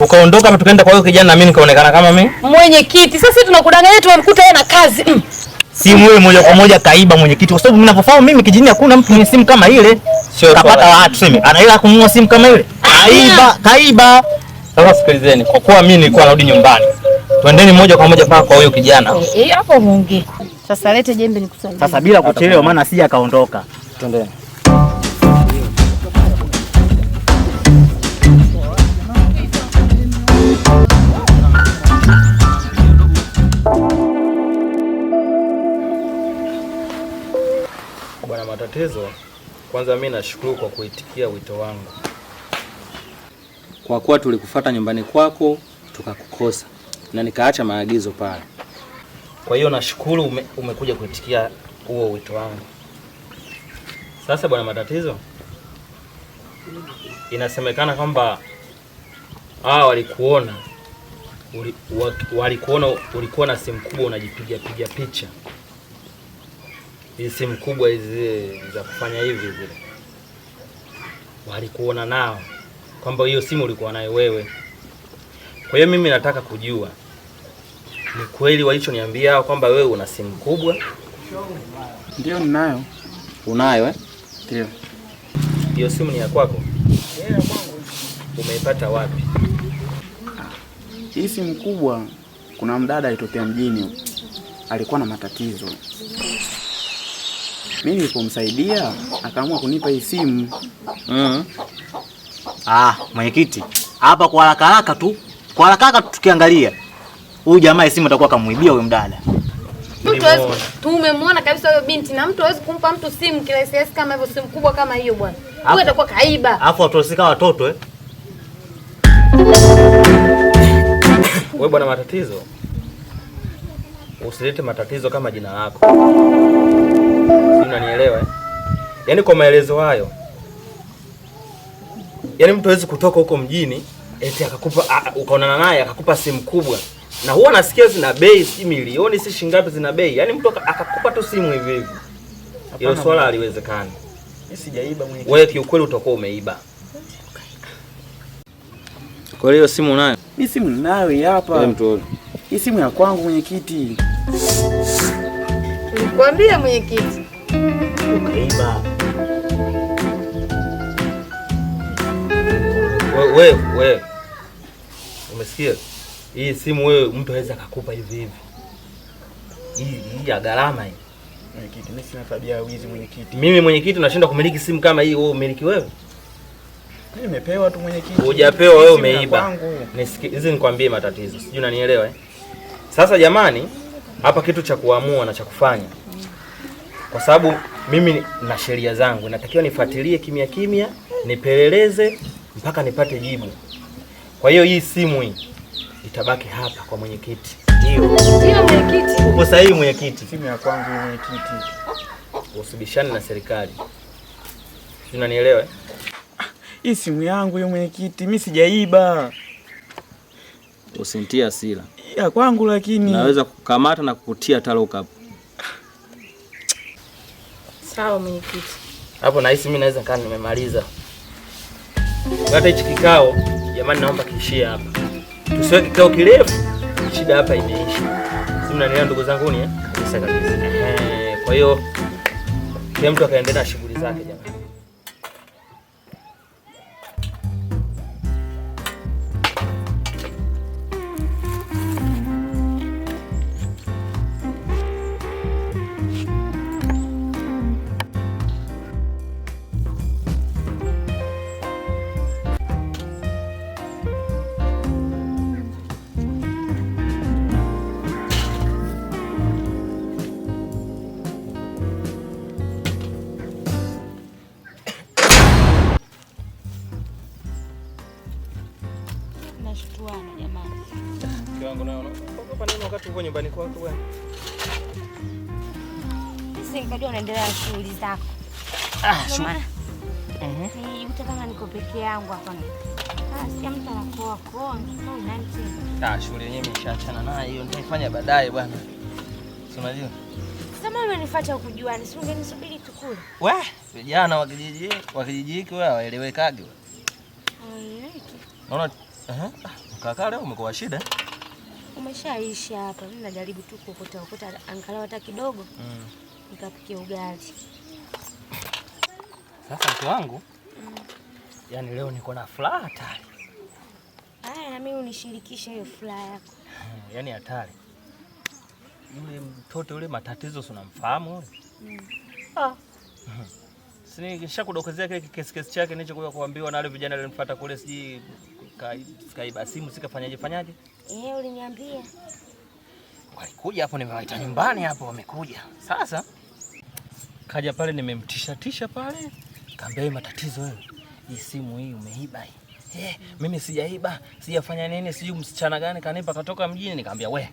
Ukaondoka tukaenda kwa hiyo kijana na mimi nikaonekana kama mimi mwenyekiti. Sasa sisi tunakudanganya tumemkuta yeye na kazi mm. Simu ile moja kwa moja kaiba mwenyekiti, kwa sababu mimi ninavyofahamu mimi kijijini hakuna mtu mwenye simu kama ile. Sio kapata watu sema ana hela kununua simu kama ile kaiba, kaiba. Sasa sikilizeni, kwa kuwa mimi nilikuwa narudi nyumbani, twendeni moja kwa moja mpaka kwa huyo kijana Eh, eh hapo. Muongee sasa, lete jembe nikusaidie sasa bila kuchelewa, maana sija kaondoka. Twendeni. Kwanza mimi nashukuru kwa kuitikia wito wangu, kwa kuwa tulikufuata nyumbani kwako tukakukosa na nikaacha maagizo pale. Kwa hiyo nashukuru ume, umekuja kuitikia huo wito wangu. Sasa bwana, matatizo inasemekana kwamba hawa walikuona, walikuona ulikuwa na simu kubwa unajipiga piga picha hizi simu kubwa hizi za kufanya hivi zile, walikuona nao kwamba hiyo simu ulikuwa nayo wewe. Kwa hiyo mimi nataka kujua ni kweli walichoniambia kwamba wewe una simu kubwa? Ndio, ninayo. Unayo eh? Ndio. Hiyo simu ni ya kwako? Yeah, umeipata wapi? Hii simu kubwa, kuna mdada alitokea mjini, alikuwa na matatizo mimi nilipomsaidia akaamua kunipa hii simu. Mm. Ah, mwenyekiti, hapa kwa haraka haraka tu, kwa haraka haraka tukiangalia huyu jamaa hii simu atakuwa kamwibia huyo mdada. Mtu tumemwona kabisa huyo binti na mtu hawezi kumpa mtu simu kirahisi kama hivyo, simu kubwa kama hiyo bwana. Huyo atakuwa kaiba. Alafu atosika watoto eh. Wewe bwana matatizo. Usilete matatizo kama jina lako. Unanielewa? Eh? Yaani kwa maelezo hayo, yaani mtu hawezi kutoka huko mjini eti akakupa ukaonana naye akakupa simu kubwa, na huwa nasikia zina bei, si milioni si shingapi, zina bei. Yaani mtu akakupa tu simu hivi hivi, hilo swala haliwezekani. Sijaiba mwenyewe. Wewe kiukweli utakuwa umeiba. Kwa hiyo simu nayo? Hii simu ninayo hapa. Hii simu ya kwangu mwenyekiti. Nikwambia mwenyekiti ukaiba wewe umesikia? Hii simu wewe mtu aweza akakupa hivi hivi, hii ya gharama hii. Mwenyekiti, mimi sina tabia ya wizi mwenyekiti. Mimi mwenyekiti kumiliki simu kama hii, wewe umiliki wewe? Nimepewa tu mwenyekiti. Hujapewa wewe, umeiba. Nisikie, hizi nikwambie matatizo. Sijui unanielewa eh? Sasa jamani, hapa kitu cha kuamua na cha kufanya kwa sababu mimi na sheria zangu natakiwa nifuatilie kimya kimya, nipeleleze mpaka nipate jibu. Kwa hiyo hii simu hii itabaki hapa kwa mwenyekiti. Uko sahihi mwenyekiti, simu ya kwangu mwenyekiti. Usibishane na serikali, unanielewa? Hii simu yangu hiyo mwenyekiti, mimi sijaiba. Usintia sila ya kwangu, lakini naweza kukamata na kukutia taruka hapo. Sawa mwenyekiti. Hapo nahisi mimi naweza kaa nimemaliza. Hata hichi kikao jamani, naomba kiishie hapa, tusiwe kikao kirefu, shida hapa imeisha. Mnanielewa ndugu zangu ni eh, kabisa kabisa. Kwa hiyo kila mtu akaendelea na shughuli zake jamani. nyumbani kwako bwana. Sasa nikajua unaendelea na shughuli zako. Ah, shughuli. Mhm. Eh. Ni utakanga niko peke yangu hapa. Sasa ah, mtu anakoa kwa mtu nani Ah, shughuli yenyewe nimeshaachana naye, hiyo nitaifanya baadaye bwana. unajua? Sasa mimi umenifuata ukujuani, si ungenisubiri tukule. We, vijana wa kijiji wa kijiji hiki wewe waelewekage. Waeleweki. Unaona? Eh. eh Kaka leo umekuwa shida. Eh? umeshaisha hapa. Mimi najaribu tu kuokota okota angalau hata kidogo mm. nikapike ugali. Sasa mtu wangu mm. yaani leo niko na furaha hatari. Aya, mimi unishirikishe hiyo furaha yako. Yaani hatari yule mtoto yule, matatizo si unamfahamu yule? Mm. Ah. Sini kisha kudokezea kile kikesikesi chake nilichokuwa kuambiwa na wale vijana walinifuata kule sijui tukaiba simu sikafanyaje fanyaje? Eh, uliniambia. Walikuja hapo nimewaita nyumbani hapo wamekuja. Sasa kaja pale nimemtisha tisha pale, kaambia hii matatizo wewe. Hii simu hii umeiba hii. Eh, mimi sijaiba, sijafanya nini, sijui msichana gani kanipa katoka mjini Nikamwambia we.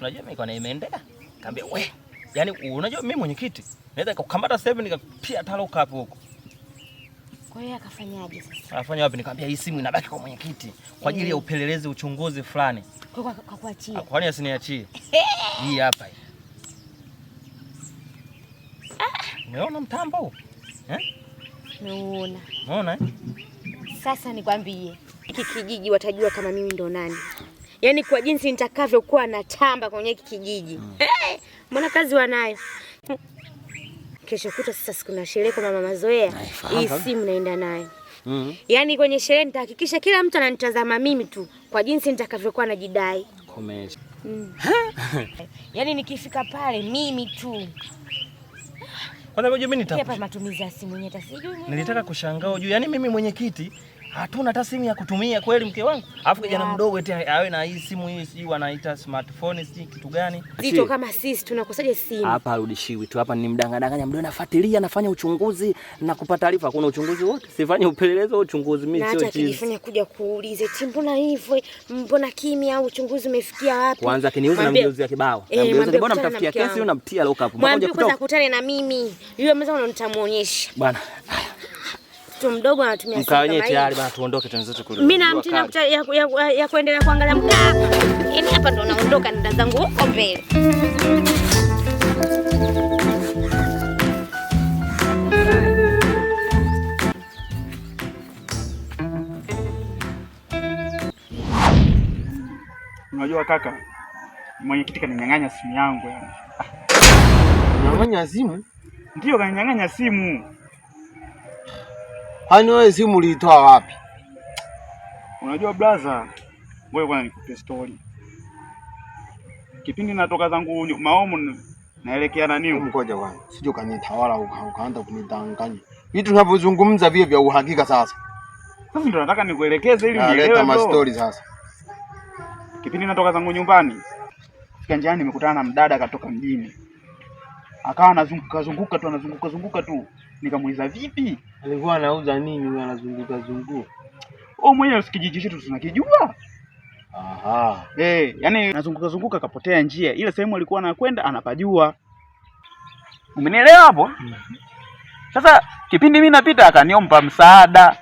Unajua mimi kwani imeendea. Kaambia we. yani unajua mimi mwenyekiti, naweza kukamata sasa nikapia talo hapo huko. Kwa hiyo akafanyaje sasa? Anafanya wapi? Nikamwambia hii simu inabaki kwa mwenyekiti kwa ajili ya mm. upelelezi, uchunguzi fulani. Kwa kwa kuachia. Ah, asiniachie. Hii hapa hii. Ah. Umeona mtambo Eh? Umeona. Umeona eh? Sasa nikwambie, hiki kijiji watajua kama mimi ndo nani. Yaani kwa jinsi nitakavyokuwa natamba kwenye hiki kijiji. Mm. Hey, eh, mbona kazi wanayo? kesho kutwa sasa sikuna sherehe kwa mama Mazoea, hii simu naenda nayo mm Yaani kwenye sherehe nitahakikisha kila mtu ananitazama mimi tu kwa jinsi nitakavyokuwa najidai mm. Yaani nikifika pale mimi tu matumizi ya simu yenyewe, nilitaka kushangaa juu, yaani mimi mwenyekiti hatuna hata simu ya kutumia kweli, mke wangu. Alafu kijana mdogo eti awe na hii simu hii, sijui wanaita smartphone, sijui kitu gani zito. Kama sisi tunakosaje simu hapa? Arudishiwi tu hapa, ni mdangadanganya mdogo, nafuatilia nafanya uchunguzi na kupata taarifa. Kuna uchunguzi wote, sifanye upelelezi au uchunguzi, mimi sio chizi. Na Akijifanya kuja kuulize eti mbona hivyo, mbona kimya, au uchunguzi umefikia wapi? Kwanza kiniuza na ya kibao eh, na mgeuzia mbona mtafikia kesi au namtia lock up. kwanza unakutana na mimi yule mzee, unanitamuonyesha bwana mtoto mdogo anatumia simu kama Tayari bana, tuondoke tuenzetu kule. Mimi na mtina ya kuendelea kuangalia mkaa. Yaani hapa ndo naondoka nenda zangu huko mbele. Unajua kaka, mwenyekiti kaninyang'anya simu yangu. Nyang'anya simu? Ndio, kaninyang'anya simu. Hani wewe simu uliitoa wapi? Unajua brother, wewe bwana, nikupe story. Kipindi natoka zangu maomo naelekea nani, ngoja bwana, sije ukanitawala ukaanza kunidanganya Hii tunavyozungumza vile vya uhakika. Sasa sasa ndio nataka nikuelekeze ili nielewe. Naleta ma story sasa. Kipindi natoka zangu nyumbani, fika njiani, nimekutana na mdada katoka mjini, akawa anazunguka zunguka tu anazunguka zunguka tu, nikamuuliza vipi alikuwa anauza nini? Huyo anazunguka zunguka. Wewe mwenye sikijiji chetu tunakijua. Aha. Eh, yani nazunguka zunguka kapotea njia. Ile sehemu alikuwa anakwenda anapajua. Umenielewa hapo? Mm -hmm. Sasa kipindi mimi napita akaniomba msaada.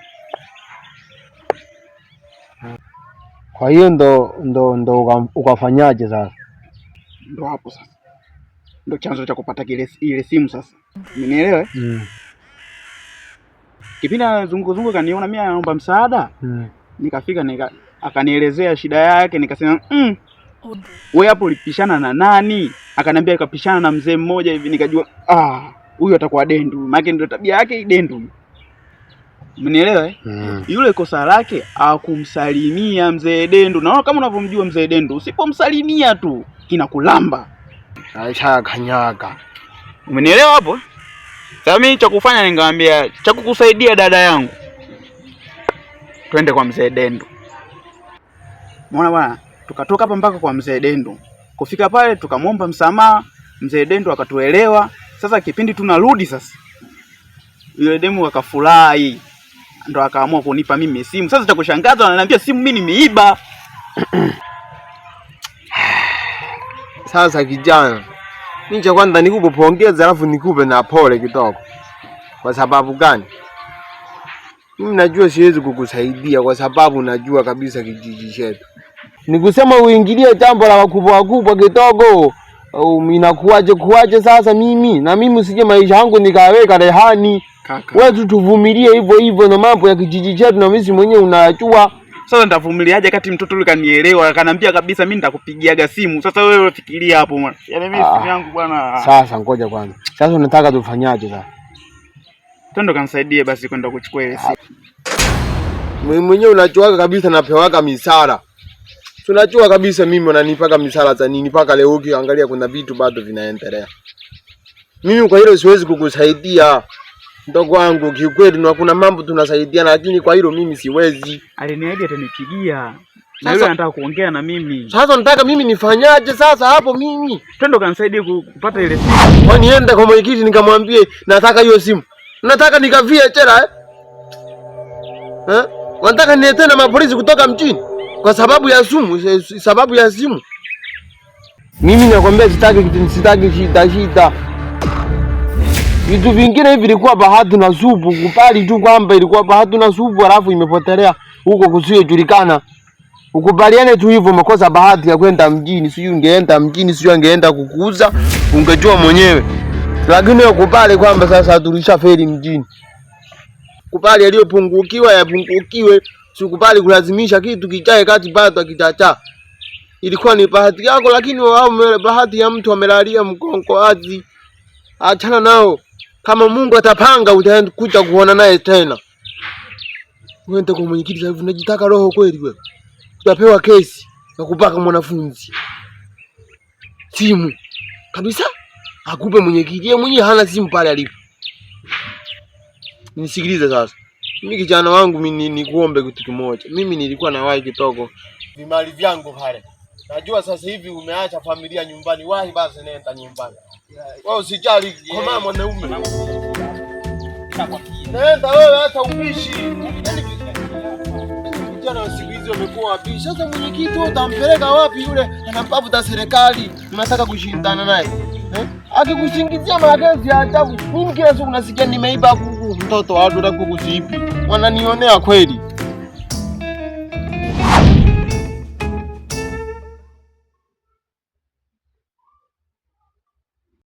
Kwa hiyo ndo ndo ndo ukafanyaje sasa? Ndo hapo sasa. Ndo chanzo cha kupata ile simu sasa. Umenielewa? Mm kipindi zunguka kaniona mimi anaomba msaada hmm. Nikafika nika, akanielezea shida yake, nikasema mm, wewe hapo ulipishana na nani? Akaniambia kapishana na mzee mmoja hivi, nikajua ah, huyu atakuwa dendu, maana ndio tabia yake dendu. Mnielewa eh? Mm. Yule kosa lake akumsalimia mzee dendu, na kama unavyomjua mzee dendu, usipomsalimia tu kinakulamba. Aisha kanyaga. Mnielewa hapo? Sasa mimi cha kufanya ningamwambia, cha kukusaidia dada yangu, twende kwa mzee Dendo. Umeona bwana, tukatoka hapa mpaka kwa mzee Dendo. Kufika pale tukamwomba msamaha, mzee Dendo akatuelewa. Sasa kipindi tunarudi sasa, yule demu akafurahi, ndo akaamua kunipa mimi simu. Sasa cha kushangaza ananiambia simu mimi nimeiba. Sasa kijana mimi kwanza nikupe pongezi, alafu nikupe na pole kidogo. Kwa sababu gani? Mimi najua siwezi kukusaidia kwa sababu najua kabisa kijiji chetu. Nikusema uingilie jambo la wakubwa wakubwa kidogo. Um, inakuwaje kuwaje sasa mimi na mimi usije maisha yangu nikaweka rehani. Wewe tu tuvumilie hivyo hivyo na mambo ya kijiji chetu na mimi mwenyewe unayajua. Sasa nitavumiliaje kati mtoto yule kanielewa, akanambia kabisa mimi nitakupigiaga simu. Sasa wewe fikiria hapo mwana. Yaani mimi simu ah. yangu bwana. Sasa ngoja kwanza. Sasa unataka tufanyaje sasa? Twende kanisaidie basi kwenda kuchukua ile simu. Mimi mwenyewe unachoaga kabisa napewaga misara. Tunachua kabisa mimi unanipaga misara za nini paka leo ukiangalia kuna vitu bado vinaendelea. Mimi kwa hilo siwezi kukusaidia. Ndogo wangu kiukweli, na kuna mambo tunasaidiana, lakini kwa hilo mimi siwezi. Aliniahidi atanipigia na yule anataka kuongea na mimi. Sasa nataka mimi nifanyaje sasa hapo? Mimi twende kanisaidie kupata ile simu, Kwa niende kwa mwenyekiti nikamwambie nataka hiyo simu, nataka nikavie chela eh? Eh? Nataka niletee na mapolisi kutoka mjini kwa sababu ya simu, eh, sababu ya simu. Mimi nakwambia sitaki, sitaki shida shida Vitu vingine hivi ilikuwa bahati na supu, kubali tu kwamba ilikuwa bahati na supu alafu imepotelea huko kusiojulikana. Ukubaliane tu hivyo, makosa bahati ya kwenda mjini, sijui ungeenda mjini, sijui angeenda kukuuza, ungejua mwenyewe. Lakini ukubali kwamba sasa tulisha feli mjini. Kubali aliyopungukiwa yapungukiwe, sikubali kulazimisha kitu kichae kati baada kitachaa. Ilikuwa ni bahati yako, lakini wao bahati ya mtu amelalia mgongo wazi. Achana nao. Kama Mungu atapanga utakuja kuona naye tena. Uende kwa mwenyekiti sasa unajitaka roho kweli wewe. Utapewa kesi na kupaka mwanafunzi. Simu. Kabisa? Akupe mwenyekiti. Yeye mwenyewe hana simu pale alipo. Nisikilize sasa. Mimi kijana wangu mimi nikuombe kitu kimoja. Mimi nilikuwa na wahi kitoko vimali vyangu pale. Najua sasa hivi umeacha familia nyumbani. Wahi basi nenda nyumbani. Wao sijali kama mwanaume. Nenda wewe hata ubishi. Yaani, vijana wa siku hizi wamekuwa wabishi. Sasa mwenyekiti utampeleka wapi yule ana mbavu za serikali? Mnataka kushindana naye. Eh? Akikusingizia magezi ya ajabu. Mimi kila siku nasikia nimeiba kuku mtoto wa watu na kuku zipi? Wananionea kweli.